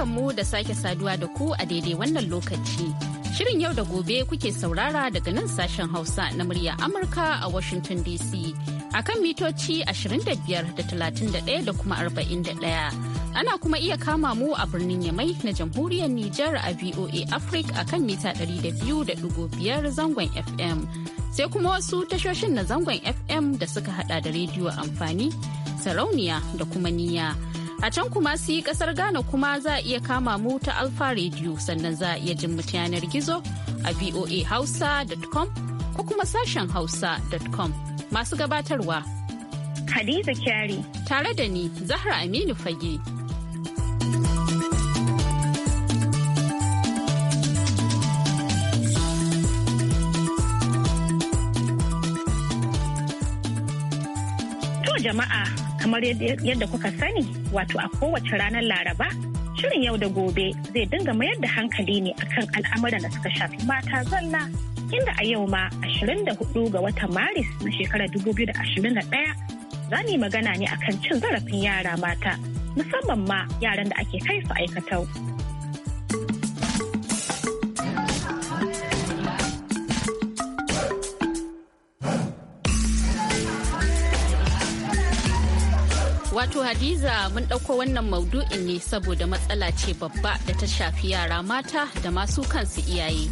barkanmu da sake saduwa da ku a daidai wannan lokaci. Shirin yau da gobe kuke saurara daga nan sashen Hausa na murya Amurka a Washington DC a kan mitoci 25 da 31 da kuma 41. ana kuma iya kama mu a birnin yamai na jamhuriyar Nijar a VOA Africa a kan mita 200.5 zangon FM. Sai kuma wasu tashoshin na zangon FM da suka hada da rediyo amfani, sarauniya da kuma niyya. A can kuma su yi kasar Ghana kuma za a iya kama mu ta Alfa Radio sannan za a iya jin mu yanar gizo a voa hausa.com ko kuma sashen hausa.com masu gabatarwa. Hadiza Kyari. Tare da ni Zahra Aminu Fage. jama'a kamar yadda kuka sani wato a kowace ranar laraba shirin yau da gobe zai dinga mayar da hankali ne akan al'amuran da suka shafi mata zalla inda a yau ma 24 ga watan maris na shekarar 2021 za mu yi magana ne akan cin zarafin yara mata musamman ma yaran da ake kai su aikatau wato Hadiza mun ɗauko wannan maudu'in ne saboda matsala ce babba da ta shafi yara mata da masu kansu iyaye.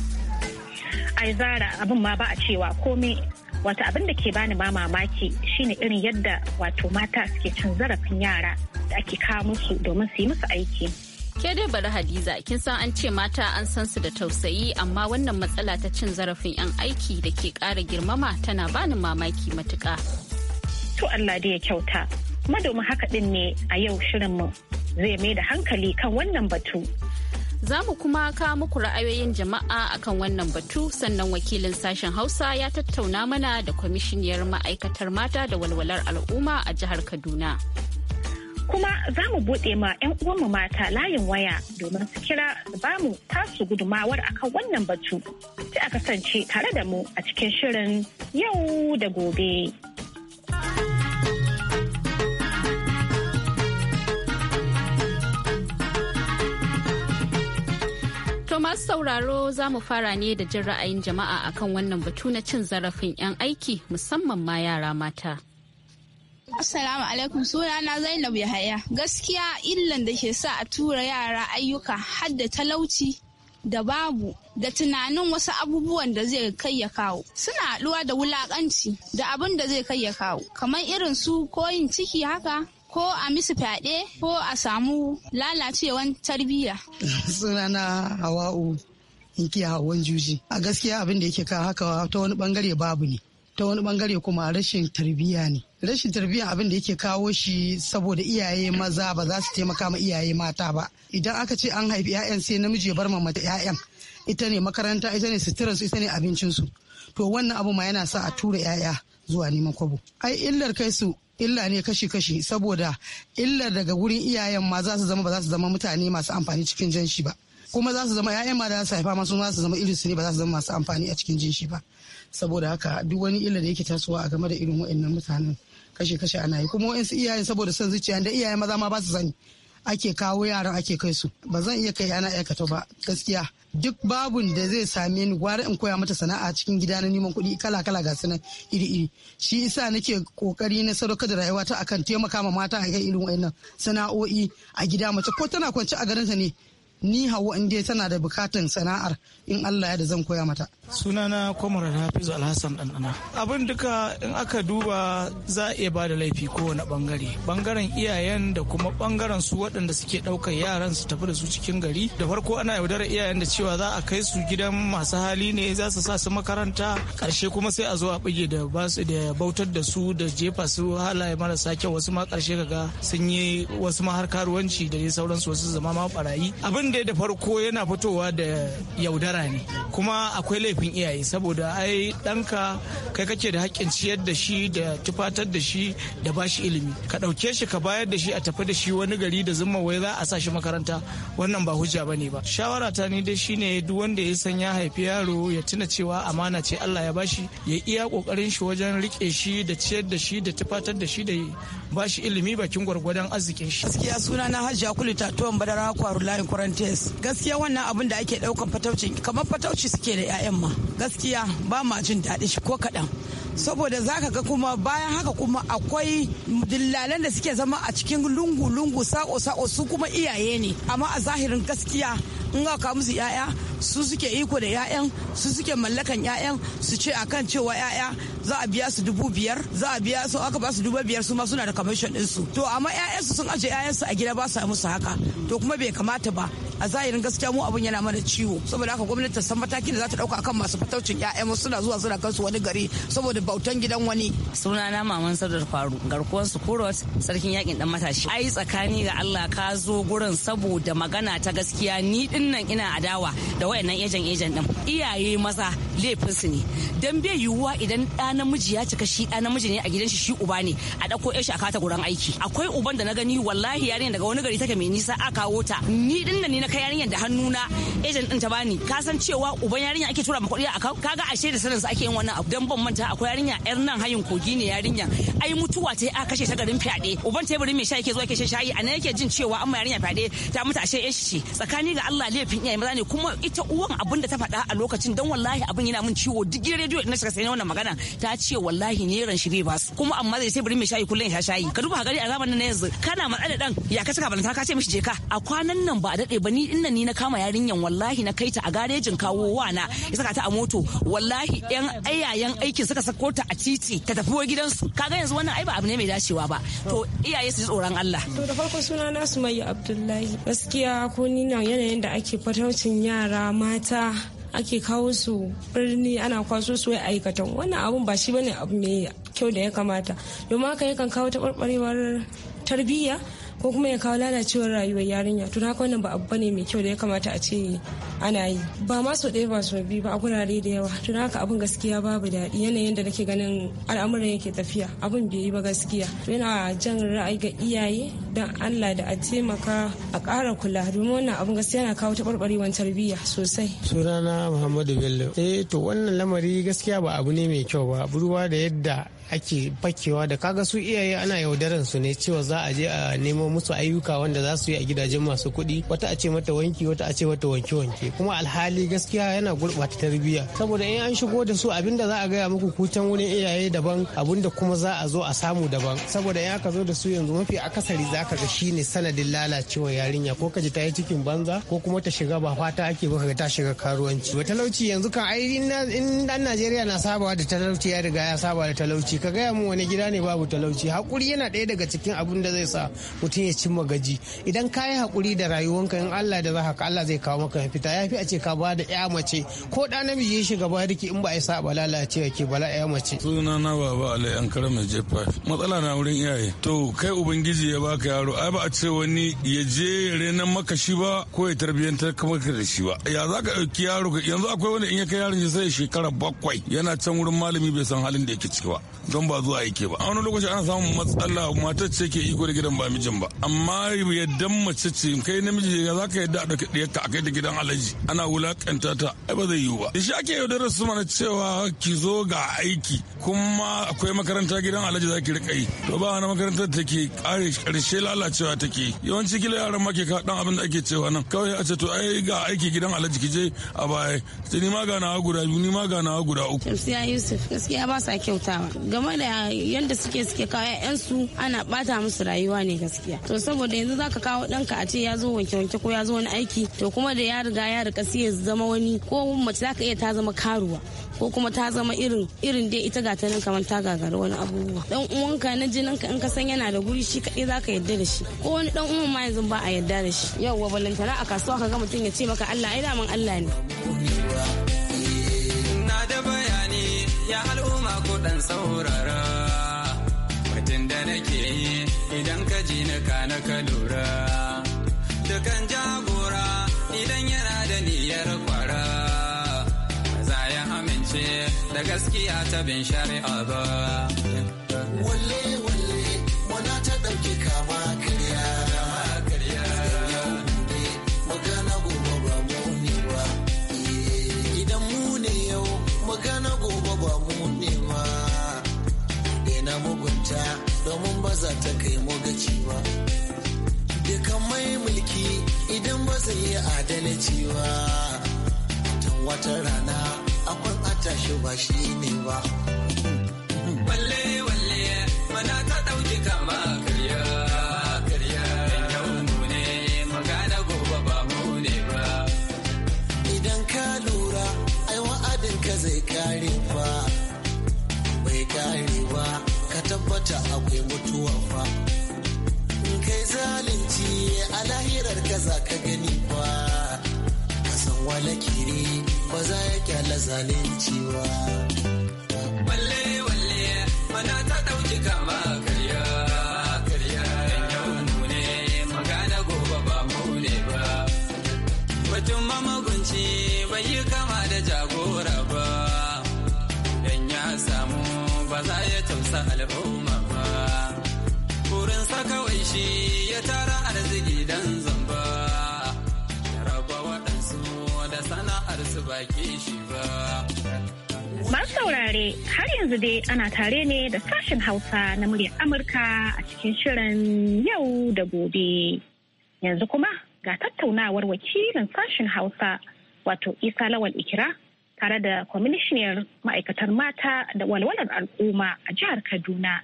Ai zara abin ma ba a cewa komai wato abin da ke bani ma mamaki shine irin yadda wato mata suke cin zarafin yara da ake kawo musu domin su yi musu aiki. Ke dai bari Hadiza kin san an ce mata an san su da tausayi amma wannan matsala ta cin zarafin 'yan aiki da ke ƙara girmama tana bani mamaki matuƙa. To Allah dai ya kyauta. madomin haka din ne a yau shirinmu zai mai da hankali kan wannan batu. Za mu kuma ka muku ra'ayoyin jama'a akan wannan batu sannan wakilin sashen Hausa ya tattauna mana da kwamishiniyar ma'aikatar mata da walwalar al'umma a jihar Kaduna. Kuma za mu buɗe ma 'yan uwanmu mata layin waya domin su kira ba mu tasu gudumawar akan wannan batu. Sai a kasance tare da mu a cikin shirin yau da gobe. masu sauraro za mu fara ne da jin ra'ayin jama'a akan wannan batu na cin zarafin 'yan aiki musamman ma yara mata. Assalamu alaikum sunana Zainab Yahaya. Gaskiya illan da ke sa a tura yara ayyuka har talauci da babu da tunanin wasu abubuwan da zai kai ya kawo. Suna haɗuwa da wulaƙanci da abin da zai kai ya kawo. Kamar irin su koyin ciki haka ko a misu fyaɗe ko a samu lalacewan tarbiyya. sunana hawa'u inki hawan juji a gaskiya abin da yake ka haka ta wani bangare babu ne ta wani bangare kuma rashin tarbiyya ne rashin tarbiyya abin da yake kawo shi saboda iyaye maza ba za su taimaka ma iyaye mata ba idan aka ce an haifi 'ya'yan sai namiji ya bar ma mata 'ya'yan ita ne makaranta ita ne suturarsu ita ne abincinsu to wannan abu ma yana sa a tura 'ya'ya zuwa neman kwabo ai illar kai su illa ne kashi-kashi saboda illa daga wurin iyayen ma za su zama ba za su zama mutane masu amfani cikin shi ba kuma za su zama 'ya'yan ma da za su haifa masu za su zama irinsu ne ba za su zama masu amfani a cikin jinshi ba saboda haka duk wani illa da yake tasowa a game da irin wa'annan mutanen kashe-kashe ana yi kuma su iyayen saboda son zuciya da iyayen maza ma ba su sani ake kawo yaran ake kai su ba zan iya kai yana aikata ba gaskiya duk babun da zai same ni gwara in koya mata sana'a cikin gida na neman kuɗi kala kala ga sunan iri iri shi isa nake kokari na kada da rayuwata akan taimaka ma mata a irin wayannan sana'o'i a gida mace ko tana kwance a garinta ne ni hawa in dai tana da bukatan sana'ar in Allah ya da zan koya mata. Sunana Kwamar Hafizu Alhassan ɗanɗana. Abin duka in aka duba za a iya ba da laifi kowane bangare. Bangaren iyayen da kuma bangaren su waɗanda suke ɗaukar yaran su tafi da su cikin gari. Da farko ana yaudara iyayen da cewa za a kai su gidan masu hali ne za su sa su makaranta. karshe kuma sai a zo a bige da su da bautar da su da jefa su halaye marasa kyau wasu ma ƙarshe kaga sun yi wasu ma har karuwanci da dai sauransu wasu zama ma barayi. tun da farko yana fitowa da yaudara ne kuma akwai laifin iyaye saboda ai ɗanka kai kake da haƙƙin ciyar da shi da tufatar da shi da bashi ilimi ka ɗauke shi ka bayar da shi a tafi da shi wani gari da zuma wai za a sa shi makaranta wannan ba hujja bane ba shawara ta ni dai shine duk wanda ya san ya haifi yaro ya tuna cewa amana ce Allah ya bashi ya iya kokarin shi wajen rike shi da ciyar da shi da tufatar da shi da bashi ilimi bakin gwargwadon arzikin shi gaskiya suna na hajja kulita tuwon badara kwaru layin test gaskiya wannan abin da ake daukan fatauci kamar fatauci suke da 'ya'yan ma gaskiya ba ma jin daɗi shi ko kaɗan saboda zaka ga kuma bayan haka kuma akwai dillalan da suke zama a cikin lungu-lungu sako-sako su kuma iyaye ne amma a zahirin gaskiya in ga musu 'ya'ya su suke iko da 'ya'yan su suke mallakan 'ya'yan su ce akan cewa 'ya'ya za a biya su dubu biyar za a biya su aka ba su dubu biyar su ma suna da commission din su to amma 'ya'yan su sun aje 'ya'yan su a gida ba su musu haka to kuma bai kamata ba a zahirin gaskiya mu abun yana mana ciwo saboda haka gwamnati ta san matakin da za ta dauka akan masu fataucin 'ya'yan suna zuwa suna kansu wani gari saboda bautan gidan wani sunana maman sadar faru garkuwar su kurot sarkin yakin dan matashi ai tsakani ga Allah ka zo gurin saboda magana ta gaskiya ni dinnan ina adawa da wayannan ejen ejen din iyaye maza laifin su ne dan bai yiwuwa idan ɗa namiji ya cika shi ɗa namiji ne a gidan shi shi uba ne a ɗauko shi a kata guran aiki akwai uban da na gani wallahi yarinyar daga wani gari take mai nisa a kawo ta ni din nan ne na kai yarinyar da hannuna ejen din ta bani ka san cewa uban yarinya ake tura ma kuɗi a kaga ashe da sanin su ake yin wannan abu dan ban manta akwai yarinya yar nan hayin kogi ne yarinya ai mutuwa ta a kashe ta garin fyaɗe uban teburin mai sha ke zuwa ke shan shayi anan yake jin cewa amma yarinya fyaɗe ta mutu ashe ce tsakani ga Allah laifin iyaye maza ne kuma ita uwan abin da ta faɗa a lokacin don wallahi abin yana min ciwo duk gidan rediyo na shiga sai na wannan magana ta ce wallahi ne ran shi bai ba su kuma amma zai sai bari mai shayi kullun ya shayi ka duba gari a zamanin na yanzu kana matsala dan ya ka saka balanta ka ce mishi je ka a kwanan nan ba a dade ba ni nan ni na kama yarinyan wallahi na kai ta a garejin kawo wana ya saka ta a moto wallahi yan ayayen aikin suka sako ta a titi ta tafi wa gidansu kaga yanzu wannan ai ba abu ne mai dacewa ba to iyaye su ji tsoron Allah to da farko suna na Sumayya Abdullahi gaskiya ko ni nan yanayin da ake fataucin yara mata ake kawo su birni ana kwaso su wai aikatan wannan abun ba shi bane abu mai kyau da ya kamata domin haka yakan kawo taɓarɓarewar tarbiyya ko kuma ya kawo lalacewar rayuwar yarinya to haka wannan ba abu ne mai kyau da ya kamata a ce ana yi ba ma so ɗaya ba so biyu ba a gurare da yawa to haka abun gaskiya babu daɗi yanayin da nake ganin al'amuran yake tafiya abun bai yi ba gaskiya to yana jan ra'ayi ga iyaye dan Allah da a taimaka a ƙara kula domin wannan abun gaskiya yana kawo taɓarɓarewar tarbiyya sosai sunana Muhammadu Bello eh to wannan lamari gaskiya ba abu ne mai kyau ba buruwa da yadda ake fakewa da kaga su iyaye ana yaudaran su ne cewa za a je a nemo musu ayyuka wanda za su yi a gidajen masu kuɗi wata a ce mata wanki wata a ce mata wanke wanke kuma alhali gaskiya yana gurɓata tarbiyya saboda in an shigo da su abinda za a gaya muku kutan wani iyaye daban abinda kuma za a zo a samu daban saboda in aka zo da su yanzu mafi akasari za ka ga shine sanadin lalacewa yarinya ko ka ji ta yi cikin banza ko kuma ta shiga ba fata ake ba ta shiga karuwanci ba talauci yanzu kan ai in dan Najeriya na sabawa da talauci ya riga ya saba da talauci ka gaya mu wani gida ne babu talauci hakuri yana ɗaya daga cikin abun da zai sa mutum ya cimma gaji idan ka yi hakuri da rayuwanka in Allah da za ka Allah zai kawo maka mafita ya fi a ce ka ba da ya mace ko da namiji ya shiga ba riki in ba a sa ba lalace ke bala ya mace suna na baba alai an kara mai jefa matsala na wurin iyaye to kai ubangiji ya baka yaro ai ba a ce wani ya je renan maka shi ba ko ya tarbiyantar maka da shi ba ya za ka ɗauki yaro yanzu akwai wani in ya kai yaron shi sai shekara bakwai yana can wurin malami bai san halin da yake ciki ba don ba zuwa aike ba a wani lokaci ana samun matsala matar ce ke iko da gidan ba mijin ba amma yadda mace ce kai namiji za ka yadda a ɗauki ɗiyarka a kai da gidan alaji ana wulaƙanta ta ai ba zai yiwu ba da shi ake yaudarar su mana cewa ki zo ga aiki kuma akwai makaranta gidan alaji za ki riƙa yi to ba wani makaranta da take ƙarshe lalacewa take yawanci kila yaran ma ke ka ɗan abin da ake cewa nan kawai a ce to ai ga aiki gidan alaji ki je a baya ni ma nawa guda biyu ni ma nawa guda uku. Yusuf gaskiya ba sa kyautawa game da yadda suke suke kawo 'ya'yansu ana bata musu rayuwa ne gaskiya to saboda yanzu zaka kawo ɗanka a ce ya zo wanke wanke ko ya zo wani aiki to kuma da ya riga ya riga sai ya zama wani ko mace zaka iya ta zama karuwa ko kuma ta zama irin irin dai ita ga nan kamar ta gagara wani abubuwa dan uwanka na jinin ka in ka san yana da guri shi kadai zaka yadda da shi ko wani dan uwan ma yanzu ba a yadda da shi yauwa balantana a kasuwa ka ga mutum ya ce maka Allah ai daman Allah ne ya al'umma ku saurara batun da nake yi idan ka ji na kana ka lura dukan jagora idan yana da niyyar kwara za ya amince da gaskiya ta bin shari'a ba mugunta domin ba za ta kai mu gaci ba dukan mai mulki idan ba zai yi adalci ba tun wata rana akwai atashi ba shi ne ba balle ta akwai mutuwa fa kai zalunci a lahirar ka za ka gani ba ka san wala kiri ba za ya kyala zalunci ba walle walle mana ta ɗauki kama ba za ya tausa al'umma ba burinsa kawai shi ya tara arziki dan zamba ya raba waɗansu da sana'ar su baki shi ba Masu saurare har yanzu dai ana tare ne da sashen Hausa na muryar Amurka a cikin shirin yau da gobe. Yanzu kuma ga tattaunawar wakilin sashen Hausa wato Isa Lawal Ikira tare da kwamishiniyar ma'aikatar mata da walwalar al'umma a jihar kaduna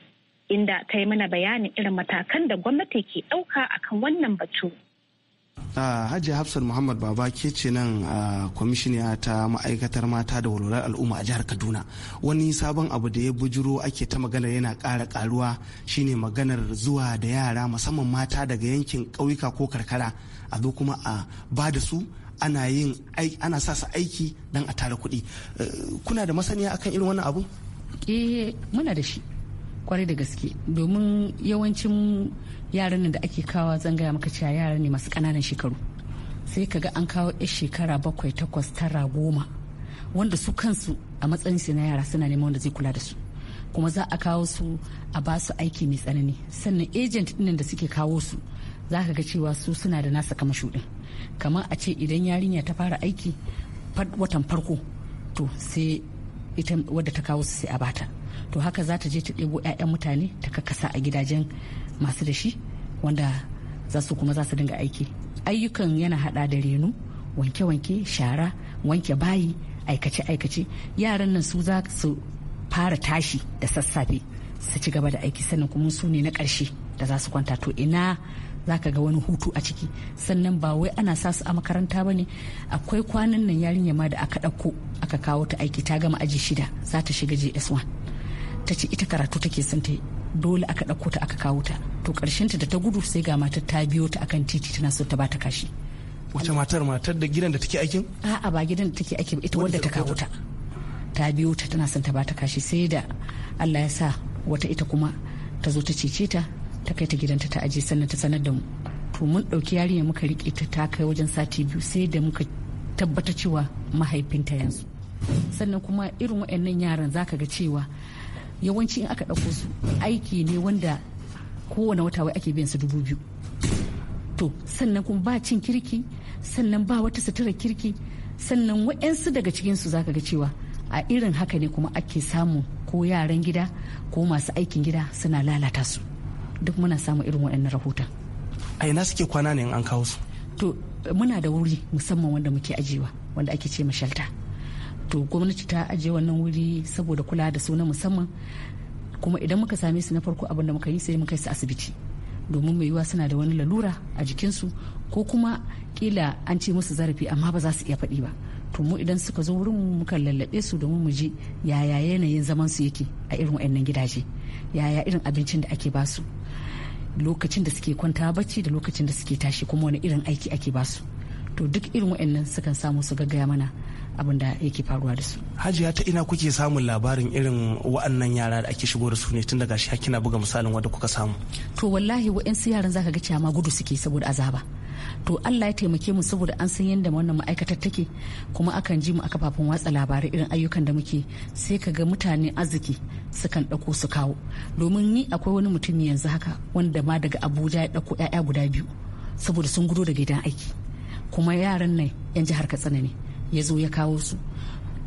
inda ta yi mana bayanin irin matakan da gwamnati ke ɗauka akan wannan batu. hajji hafsar muhammad baba ke ce nan a kwamishiniya ta ma'aikatar mata da walwalar al'umma a jihar kaduna wani sabon abu da ya bujiro ake ta maganar yana kara karuwa shine maganar zuwa da yara musamman mata daga yankin ƙauyuka ko karkara a zo kuma a ba da su ana yin ana sa su aiki don a tara kuɗi eh, kuna da masaniya akan irin wannan abu eh muna da shi kwarai da gaske domin yawancin yaran da ake kawo zangaya maka cewa yaran ne masu ƙananan shekaru sai ka ga an kawo 'yan shekara bakwai takwas tara goma wanda su kansu a matsayin su na yara suna neman wanda zai kula da su kuma za a kawo su a ba su aiki mai tsanani sannan agent ɗinnan da suke kawo su za ka ga cewa su suna da nasa kamasho kamar a ce idan yarinya ta fara aiki watan farko to sai ita wadda ta kawo su sai a bata to haka za ta je ta ɗebo 'ya'yan mutane ta kakasa a gidajen masu da shi wanda za su kuma za su dinga aiki ayyukan yana hada da renu wanke-wanke shara wanke bayi aikace-aikace yaran nan su za su fara tashi da sassafe su ci gaba da aiki sannan kuma su ne na ƙarshe da za su kwanta to ina za ka ga wani hutu a ciki sannan ba wai ana sa su a makaranta ba ne akwai kwanan nan yarinya ma da aka ɗauko aka kawo ta aiki ta gama aji shida za ta shiga js1 ta ce ita karatu take son ta dole aka ɗauko ta aka kawo ta to ta da ta gudu sai ga matar ta biyo ta akan titi tana so ta bata kashi wace matar matar da gidan da take aikin a'a ba gidan da take aikin ita wanda ta kawo ta ta biyo ta tana son ta bata kashi sai da Allah ya sa wata ita kuma ta zo ta cece ta ta kai ta gidanta ta aje sannan ta sanar da mu to mun ɗauki yarinya muka riƙe ta ta kai wajen sati biyu sai da muka tabbata cewa mahaifinta yanzu sannan kuma irin waɗannan yaran za ka ga cewa yawanci in aka ɗauko su aiki ne wanda kowane wata wai ake biyan su dubu biyu to sannan kuma ba cin kirki sannan ba wata sutura kirki sannan wa'yansu daga cikinsu ka ga cewa a irin haka ne kuma ake samu ko yaran gida ko masu aikin gida suna lalata su duk muna samun irin waɗannan rahoton a ina suke kwana ne an kawo su to muna da wuri musamman wanda muke ajiyewa wanda ake ce mashalta to gwamnati ta ajiye wannan wuri saboda kula da su na musamman kuma idan muka same su na farko abin da muka yi sai muka kai su asibiti domin mai yiwa suna da wani lalura a jikinsu ko kuma kila an ce musu zarafi amma ba za su iya faɗi ba to mu idan suka zo wurin mu muka lallaɓe su domin mu ji yaya yanayin zaman su yake a irin waɗannan gidaje yaya irin abincin da ake basu lokacin da suke kwanta bacci da lokacin da suke tashi kuma wani irin aiki ake basu to duk irin wa'annan sukan samu su gaggaya mana abin da yake faruwa da su. Hajiya ta ina kuke samun labarin irin wa'annan yara da ake shigo da su ne tun daga shi kina buga misalin wanda kuka samu. To wallahi wa'ansu yaran zaka ga cewa ma gudu suke saboda azaba. to Allah ya taimake mu saboda an san yadda wannan ma'aikatar take kuma akan ji mu a kafafen watsa labarai irin ayyukan da muke sai ka ga mutane arziki sukan ɗauko su kawo domin ni akwai wani mutum yanzu haka wanda ma daga Abuja ya ɗauko ƴaƴa guda biyu saboda sun gudo daga gidan aiki kuma yaran nan 'yan jihar Katsina ne ya zo ya kawo su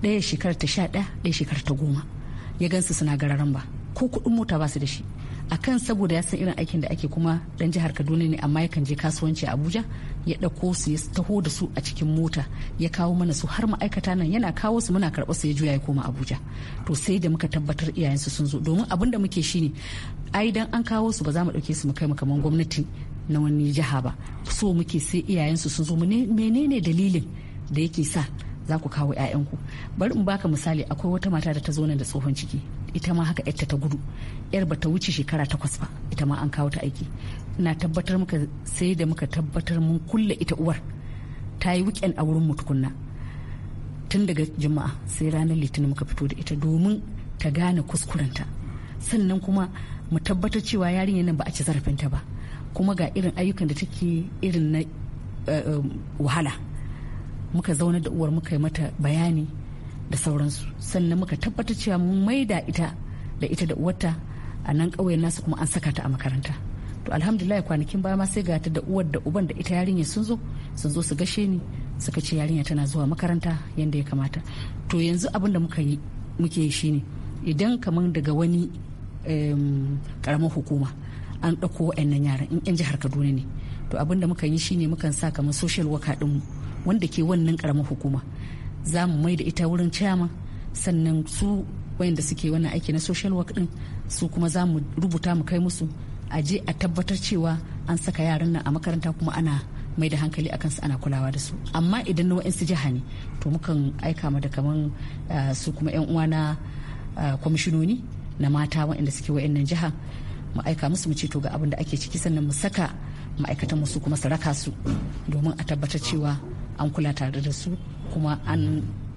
ɗaya shekarar ta sha ɗaya ɗaya shekarar ta goma ya gansu suna gararan ba ko kuɗin mota ba su da shi akan saboda ya san irin aikin da ake kuma dan jihar kaduna ne amma yakan je kasuwanci a abuja ya ɗauko su ya taho da su a cikin mota ya kawo mana su har ma'aikata nan yana kawo su muna karɓa su ya juya ya koma abuja to sai da muka tabbatar iyayensu sun zo domin abin da muke shine ai dan an kawo su ba za mu ɗauke su mu kai mu kamar gwamnati na wani jiha ba so muke sai iyayensu sun zo menene dalilin da yake sa za ku kawo 'ya'yanku bari in baka misali akwai wata mata da ta zo nan da tsohon ciki ita ma haka yarta ta gudu yar ba ta wuce shekara takwas ba ita ma an kawo ta aiki na tabbatar muka sai da muka tabbatar mun kulle ita uwar ta yi wiken a wurin mutukunna tun daga juma'a sai ranar litinin muka fito da ita domin ta gane kuskurenta sannan kuma mu tabbatar cewa yarinyar nan ba a ci zarafinta ba kuma ga irin ayyukan da take irin na eh, eh, wahala muka zauna da uwar muka yi mata bayani da sauransu sannan muka tabbatar cewa mun maida ita da ita da uwarta a nan ƙauyen nasu kuma an saka ta a makaranta to alhamdulillah kwanakin baya ma sai ga ta da uwar da uban da ita yarinya sun zo sun zo su gashe ni suka ce yarinya tana zuwa makaranta yadda ya kamata to yanzu abin da muka yi muke yi shine idan kamar daga wani karamar hukuma an ɗauko wa'annan yaran in 'yan jihar kaduna ne to abin da muka yi shine mukan sa kamar social worker mu. wanda ke wannan karamar hukuma za mu mai da ita wurin chairman sannan su wayanda suke wannan aiki na social work din su kuma za mu rubuta mu kai musu a je a tabbatar cewa an saka yaran nan a makaranta kuma ana mai da hankali akan su ana kulawa da su amma idan na wa'insu jiha ne to mukan aika ma da kaman eh, su kuma yan uwa na eh, kwamishinoni na mata wa'inda suke wayannan jiha mu aika musu mu ce to ga abin da ake ciki sannan mu saka ma'aikatan su kuma su raka su domin a tabbatar cewa an kula tare da su kuma an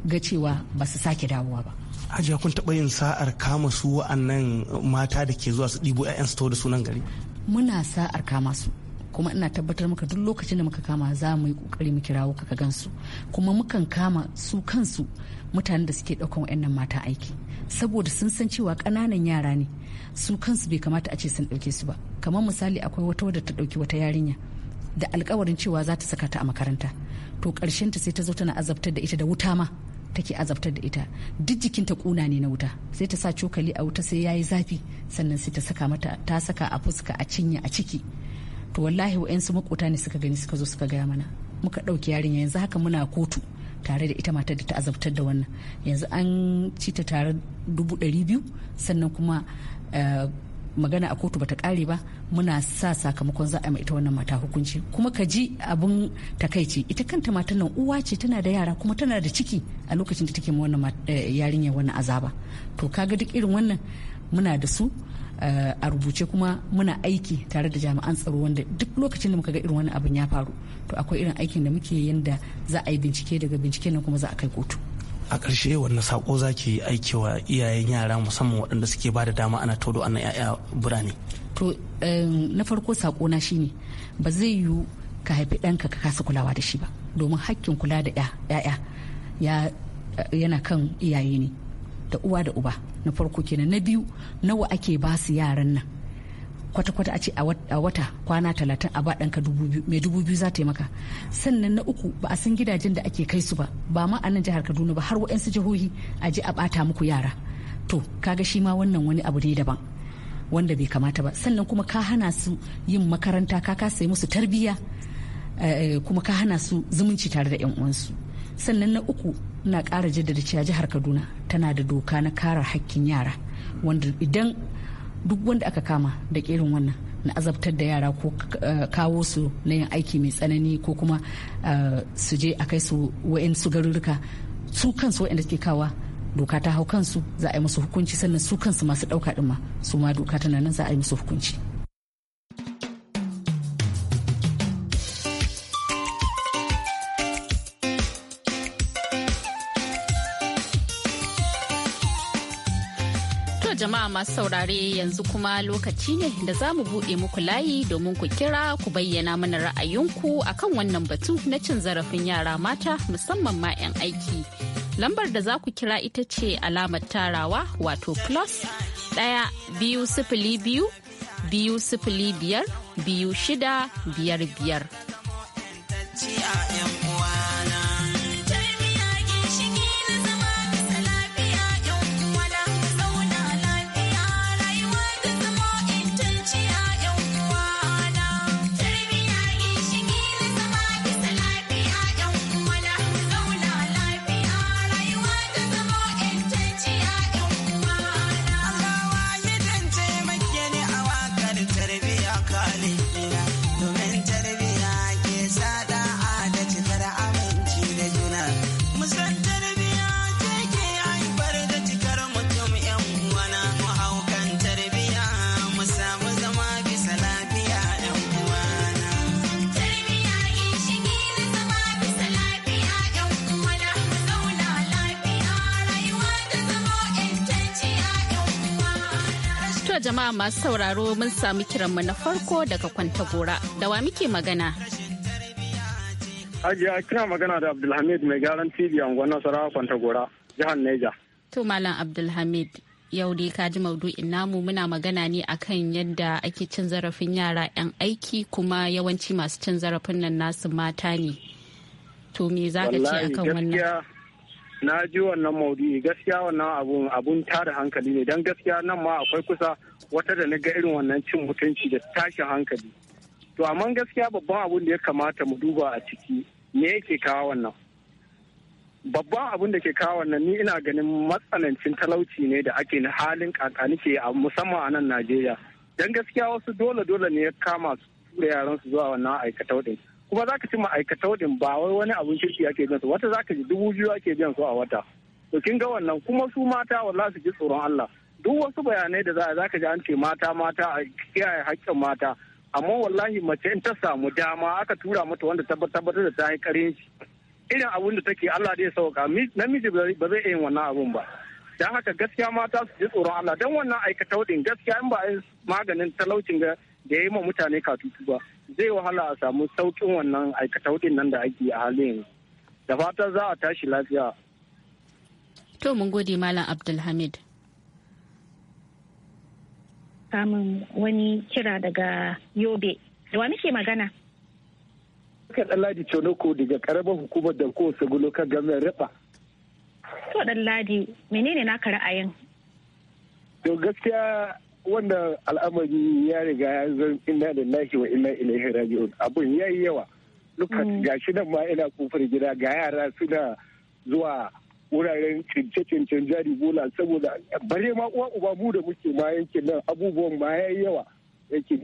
ga cewa ba su sake dawowa ba hajiya kun taɓa yin sa'ar kama su wa'annan mata da ke zuwa su ɗibo 'ya'yan su da sunan gari muna sa'ar kama su kuma ina tabbatar maka duk lokacin da muka kama za mu yi ƙoƙari mu kirawo ka su kuma mukan kama su kansu mutanen da suke ɗaukan wa'annan mata aiki saboda sun san cewa ƙananan yara ne su kansu bai kamata a ce sun ɗauke su ba kamar misali akwai wata wadda ta ɗauki wata yarinya da alkawarin cewa za ta saka ta a makaranta to ƙarshen ta sai ta zo tana azabtar da ita da wuta ma take azabtar da ita duk jikinta kuna ne na wuta sai ta sa cokali a wuta sai yayi zafi sannan sai ta saka mata ta saka a fuska a cinya a ciki to wallahi wa'yansu makota ne suka gani suka zo suka gaya mana muka ɗauki yarinya yanzu haka muna kotu tare da ita matar da ta azabtar da wannan yanzu an ci ta tare dubu ɗari biyu sannan kuma eh, magana a kotu bata kare ba muna sa sakamakon za a ita wannan mata hukunci kuma ka ji abun takaici ita kanta matan nan uwa ce tana da yara kuma tana da ciki a lokacin da take wannan eh, yarinya wannan azaba to kaga duk irin wannan muna da su eh, a rubuce kuma muna aiki tare da jami'an tsaro wanda duk lokacin da muka ga irin wani abin ya faru to akwai irin aikin da muke yanda za a yi bincike daga bincike nan kuma za a kai kotu a ƙarshe wannan sako zaki aiki wa iyayen yara musamman waɗanda suke ba da dama ana todo ana yaya birane to na farko sako na shine ba zai yiwu ka haifi ɗanka ka kasa kulawa da shi ba domin hakkin kula da ya'ya yana kan iyaye ne da uwa da uba na farko kenan na biyu nawa ake ba su yaran nan kwata-kwata a ce a wata kwana talatin a baɗanka mai dubu biyu za ta yi maka sannan na uku ba a san gidajen da ake kai su ba ba ma a nan jihar kaduna ba har waɗansu jihohi a je a ɓata muku yara to ga shi ma wannan wani abu ne daban wanda bai kamata ba sannan kuma ka hana su yin makaranta ka kasa musu tarbiyya eh, kuma ka hana su zumunci tare da 'yan uwansu sannan na uku na ƙara jaddada cewa jihar kaduna tana da doka na kare haƙƙin yara wanda idan duk wanda aka kama da irin wannan na azabtar da yara ko eh, kawo su na yin aiki mai tsanani ko kuma eh, su je a kai su su garurruka su kansu wa'inda ke kawa doka ta hau kansu za a yi musu hukunci sannan su kansu masu ɗauka ɗin ma su ma doka tana nan za a yi musu hukunci To jama'a masu saurare yanzu kuma lokaci ne da za mu buɗe muku layi domin ku kira ku bayyana mana ra'ayinku akan wannan batu na cin zarafin yara mata musamman ma 'yan aiki. Lambar da za ku kira ita ce alamar tarawa wato plus ɗaya biyu sifili biyu biyu sifili biyar biyu shida biyar biyar. jama'a masu sauraro mun sami kiranmu na farko daga kwanta gora. Da wa muke magana? a kira magana da Abdulhamid mai gyaran TV a unguwar Nasarawa kwanta gora, jihar Neja. To Malam Abdulhamid, yau dai ka ji maudu'in namu muna magana ne akan yadda ake cin zarafin yara 'yan aiki kuma yawanci masu cin zarafin nan nasu mata ne. To me za ka ce akan wannan? na ji wannan maudu'i gaskiya wannan abun abun tara hankali ne don gaskiya nan ma akwai kusa wata da na ga irin wannan cin mutunci da tashin hankali to amma gaskiya babban abun da ya kamata mu duba a ciki me yake kawo wannan babban abun da ke kawo wannan ni ina ganin matsanancin talauci ne da ake na halin kakani ke musamman a nan najeriya don gaskiya wasu dole dole ne ya kama su tura yaran su zuwa wannan aikata din kuma za ka ci ma'aikata wadin ba wai wani abun shirki ake biyan su wata za ka ji dubu biyu ake biyan su a wata to kin ga wannan kuma su mata wala su ji tsoron Allah duk wasu bayanai da za zaka ji an ce mata mata a kiyaye haƙƙin mata amma wallahi mace in ta samu dama aka tura mata wanda tabbatar da ta yi karin shi irin abun da take Allah zai sauka namiji ba zai yi wannan abun ba dan haka gaskiya mata su ji tsoron Allah dan wannan aikata wadin gaskiya in ba maganin talaucin da ya yi ma mutane katutu ba zai wahala a samu saukin wannan aikata hudin nan da ake a halin da fata za a tashi lafiya to mun gode malam abdulhamid samun wani kira daga yobe da wa muke magana Suka ɗan ladi Conoko daga ƙaramar hukumar da ko gulo kan To ɗan ladi menene naka ra'ayin? To gaskiya wanda al'amari ya riga ya zan inna da nashi wa inna ilaihi raji'un abun ya yi yawa lokacin mm. ga shi nan ma ina kofar gida ga yara suna zuwa wuraren cince-cincen jari bola saboda bare ma uwa uba mu da muke ma yankin nan abubuwan ma ya yi yawa yake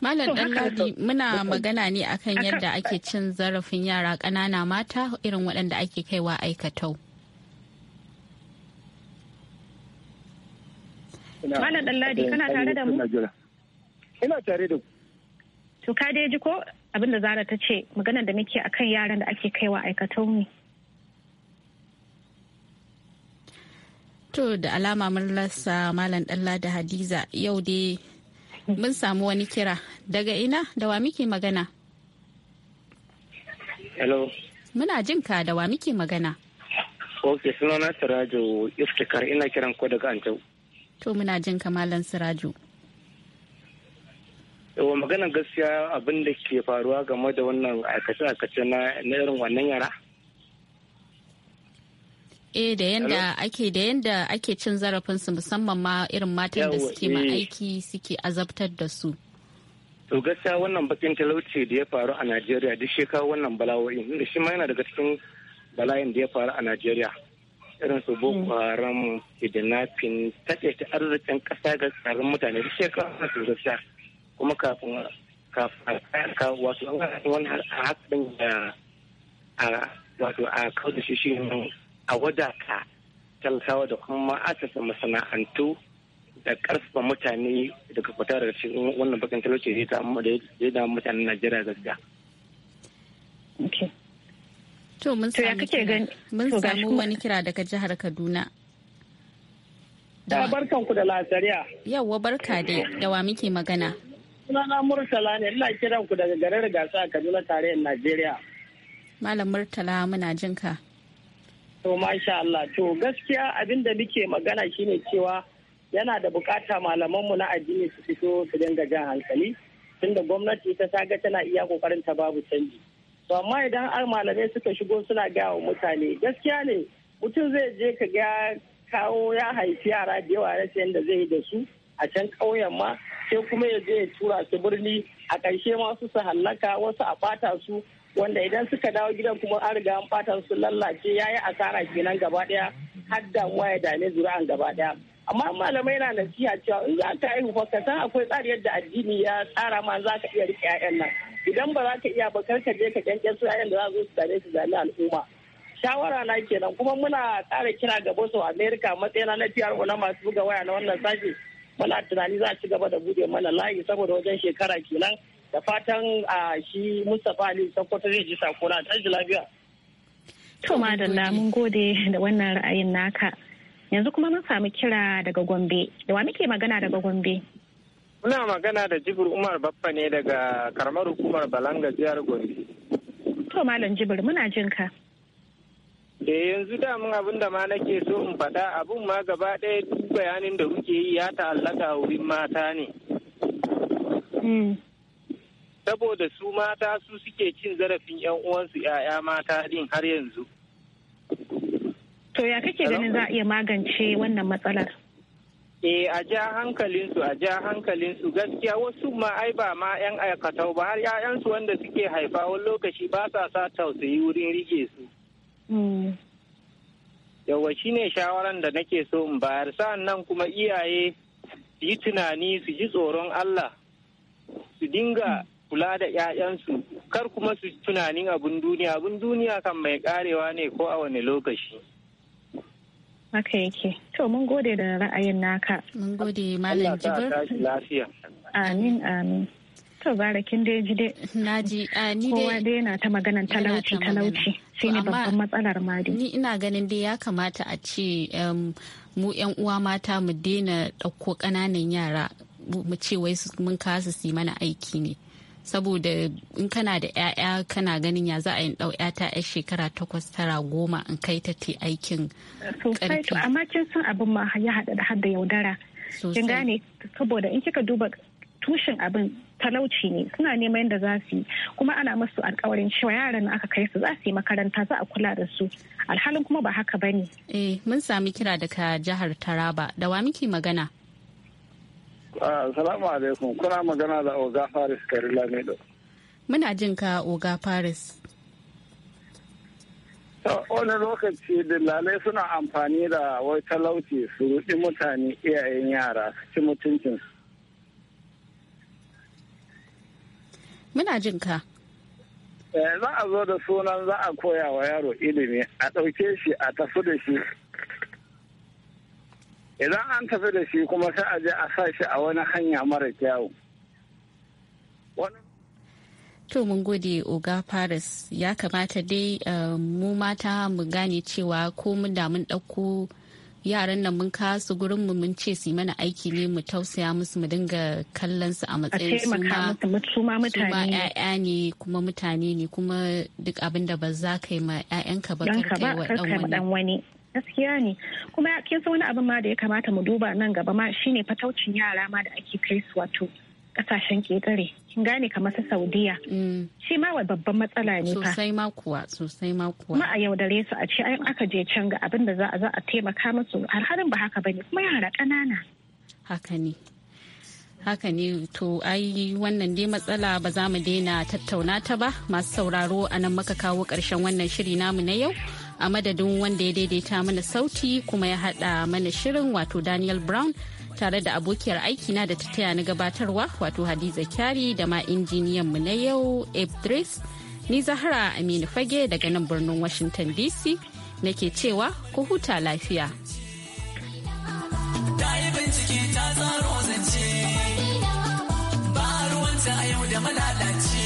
Malam Ɗanladi muna magana ne akan yadda ake cin zarafin yara ƙanana mata irin waɗanda ake kaiwa aikatau. Malam Ɗanladi kana tare da mu? Ina tare da To ka dai ji ko abin da Zara ta ce maganar da muke a kan yaran da ake kaiwa aikatau ne. To da alama mun rasa Malam ɗanladi da Hadiza yau dai mun samu wani kira daga ina da wa muke magana? Hello. Muna jin ka da wa muke magana? Ok, sunana Sirajo Iftikar ina kiran ko daga Anjau. To muna jin kamalan siraju. Yawa maganan gaskiya abin da ke faruwa game da wannan aikace-aikace na irin wannan yara? eh da yanda ake da yanda ake cin zarafin su musamman ma irin matan da suke ma eh. aiki suke azabtar da su to gaskiya wannan bakin talauci da ya faru a Najeriya duk shekara wannan bala'o'in da shi ma yana daga cikin bala'in da ya faru a Najeriya irin su boko haram kidnapping take ta arzikin kasa ga tsarin mutane da shekara su gaskiya kuma kafin ka wato wani haɗin da wato a kawo da shi shi a wadata talakawa da kuma ma'asasa masana'antu da karfafa mutane daga fita daga cikin wannan bakin talauci da ya damu mutanen najeriya gaskiya To mun samu wani kira daga jihar Kaduna. Da barkan ku da lasariya. Yawwa barka dai da wa muke magana. Sunana Murtala ne ina kiran ku daga garin gasa a Kaduna tarayyar Najeriya. Malam Murtala muna jin ka. To masha Allah to gaskiya abin da muke magana shine cewa yana da bukata malamanmu na addini su fito su dinga jan hankali tunda gwamnati ta saga tana iya kokarin ta babu canji. to amma idan har malamai suka shigo suna gaya mutane gaskiya ne mutum zai je ka ga kawo ya haifi yara da yawa rashin yadda zai yi da su a can ƙauyen ma sai kuma ya je ya tura su birni a ƙarshe ma su su hallaka wasu a ɓata su wanda idan suka dawo gidan kuma an riga an ɓata su lallace ya yi asara kenan gaba ɗaya har ya dame zuri'an gaba ɗaya amma malamai na nasiha cewa in za ka haihu fa ka san akwai tsari yadda addini ya tsara ma za ka iya riƙe 'ya'yan nan idan ba za ka iya ba kar ka je ka kyankyan su da za zo su same su zali al'umma shawara na kenan kuma muna ƙara kira ga bosu america matsayina na pr na masu buga waya na wannan sashe muna tunani za a ci gaba da bude mana layi saboda wajen shekara kenan da fatan a shi mustapha ali sakkwato zai ji sakona tashi lafiya to madalla mun gode da wannan ra'ayin naka yanzu kuma mun samu kira daga gombe da wa muke magana daga gombe Muna magana da Jibir Umar Baffa ne daga karamar hukumar Balanga jihar Gombe. To Malam Jibir muna jin ka. Da eh, yanzu da mun abin da ma nake so in faɗa abun ma gaba ɗaya duk bayanin da kuke yi ya ta'allaka wurin mata ne. Mm. Saboda su mata su suke cin zarafin 'yan uwansu 'ya'ya mata ɗin har yanzu. To ya kake ganin za a iya magance wannan matsalar? E, a ja hankalinsu a ja hankalinsu gaskiya wasu ma ai ba ma 'yan aikatau ba har 'ya'yansu wanda suke haifa wani lokaci ba sa sa tausayi wurin rike su. Hmm. Yawa shi ne shawaran da nake so in bayar sa'an nan kuma iyaye su yi tunani su ji tsoron Allah su dinga kula da 'ya'yansu kar kuma su tunanin abin duniya abin duniya kan mai karewa ne ko a wani lokaci. Haka yake. To mun gode da ra'ayin naka. Mun gode Malam Jibir. lafiya. Amin amin. To barakin dai ji dai. Naji ni dai. Kowa dai yana ta maganan talauci talauci. Sai ne babban matsalar ma dai. Ni ina ganin dai ya kamata a ce mu 'yan uwa mata mu daina ɗauko ƙananan yara mu ce wai mun kasa su yi mana aiki ne. saboda in kana da 'ya'ya kana ganin ya za a yi ɗau 'yata 'yar shekara takwas tara goma in kai ta te aikin karfi. amma kin san abin ma ya haɗa da hadda yaudara. Kin gane saboda in kika duba tushen abin talauci ne suna neman yadda za su yi kuma ana masu alkawarin cewa yaran aka kai su za su yi makaranta za a kula da su alhalin kuma ba haka ba ne. Eh mun sami kira daga jihar Taraba da wa muke magana? Ah, salamu alaikum kuna magana da Oga Faris Karila Medo. Muna jin ka Oga Faris. Wani lokaci dillalai suna amfani da wai talauci su ruɗi mutane iyayen yara su ci mutuncinsu. Muna jin ka. Eh, za a zo da sunan za a koya wa yaro ilimi a ɗauke shi a tafi da shi idan an tafi da shi kuma sai a je a sa shi a wani hanya mara kyau. To mun gode Oga Paris ya kamata dai eh, mu mata mu gane cewa ko mun da mun ɗauko yaran nan mun kasu gurin mu mun ce su mana aiki ne mu tausaya musu mu dinga kallon su a matsayin su ma su ne kuma mutane ne kuma duk abin da ba za ka yi ma ƴaƴanka ba kai wa dan wani gaskiya ne kuma kin san wani abin ma da ya kamata mu duba nan gaba ma shine fataucin yara ma da ake kai su wato kasashen ketare kin gane kamar su saudiya mm. shi ma wa babban matsala ne fa sosai ma kuwa sosai ma kuwa ma a yaudare su a ce an aka je can ga abin da za a za a taimaka musu har harin ba haka bane kuma yara ƙanana haka ne haka ne to ai wannan dai matsala ba za mu daina tattauna ta ba masu sauraro a nan maka kawo ƙarshen wannan shiri namu na yau a madadin wanda ya daidaita mana sauti kuma ya haɗa mana shirin wato Daniel Brown tare da abokiyar aikina da ta taya na gabatarwa wato Hadiza Kyari da ma injiniyan mu na yau abdris ni Zahra Aminu Fage daga nan birnin Washington DC nake cewa ku huta lafiya. bincike ta zaro zance ba ruwanta a yau da malalaci.